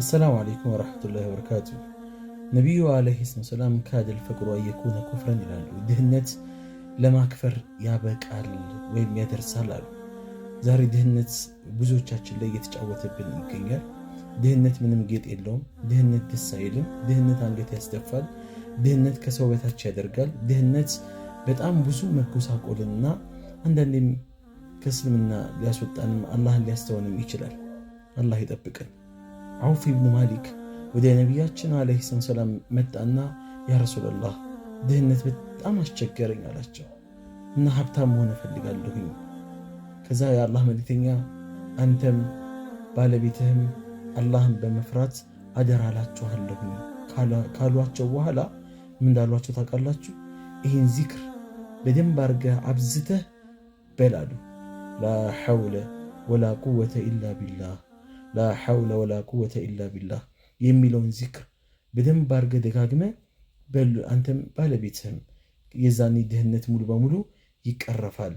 አሰላሙ አለይኩም ወረሕመቱላሂ ወበረካቱ። ነቢዩ ዓለይሂ ሰላም ካደል ፈቅሮ የኩነ ኩፍረን ይላሉ። ድህነት ለማክፈር ያበቃል ወይም ያደርሳል አሉ። ዛሬ ድህነት ብዙዎቻችን ላይ እየተጫወተብን ይገኛል። ድህነት ምንም ጌጥ የለውም። ድህነት ደስ አይልም። ድህነት አንገት ያስደፋል። ድህነት ከሰው በታች ያደርጋል። ድህነት በጣም ብዙ መጎሳቆልና አንዳንዴም ከእስልምና ሊያስወጣንም አላህን ሊያስተውንም ይችላል። አላህ ይጠብቀን። አውፍ ብን ማሊክ ወደ ነቢያችን ዓለይሂ ሰላም መጣና ያ ረሱላላህ ድህነት በጣም አስቸገረኝ አላቸው እና ሀብታም መሆን እፈልጋለሁኝ። ከዛ የአላህ መልክተኛ አንተም ባለቤትህም አላህን በመፍራት አደራ አላችኋለሁኝ ካሏቸው በኋላ ምን እንዳሏቸው ታውቃላችሁ? ይህን ዚክር በደንብ አድርገህ አብዝተህ በላሉ ላ ሐውለ ወላ ቁወተ ኢላ ቢላህ ላ ሐውለ ወላ ቁወተ ኢላ ቢላህ የሚለውን ዚክር በደንብ አድርገህ ደጋግመ በሉ አንተም ባለቤትህም የዛኔ ድህነት ሙሉ በሙሉ ይቀረፋል።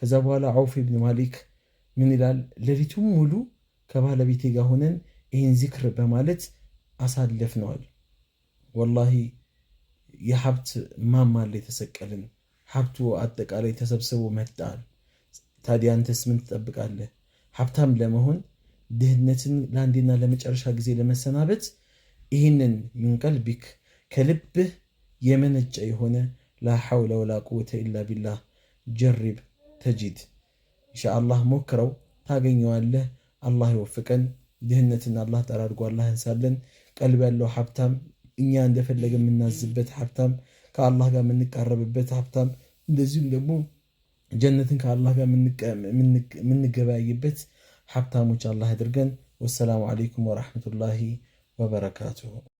ከዛ በኋላ አውፍ ብን ማሊክ ምን ይላል? ሌሊቱም ሙሉ ከባለቤቴ ጋር ሆነን ይህን ዚክር በማለት አሳለፍነዋል። ወላሂ የሀብት ማማ ላይ ተሰቀልን። ሀብቱ አጠቃላይ ተሰብስቦ መጣል። ታዲያ አንተስ ምን ትጠብቃለህ? ሀብታም ለመሆን ድህነትን ለአንዴና ለመጨረሻ ጊዜ ለመሰናበት ይህንን ሚንቀልቢክ ከልብህ የመነጨ የሆነ ላሐውለ ወላ ቁወተ ኢላ ቢላህ ጀሪብ ተጂድ ኢንሻአላህ ሞክረው ታገኘዋለህ። አላህ ይወፍቀን። ድህነትን አላህ ጠራርጎ አላህ ያንሳለን። ቀልብ ያለው ሀብታም፣ እኛ እንደፈለገ የምናዝበት ሀብታም፣ ከአላህ ጋር የምንቃረብበት ሀብታም፣ እንደዚሁም ደግሞ ጀነትን ከአላህ ጋር የምንገበያይበት حبتا مجال الله درقن والسلام عليكم ورحمة الله وبركاته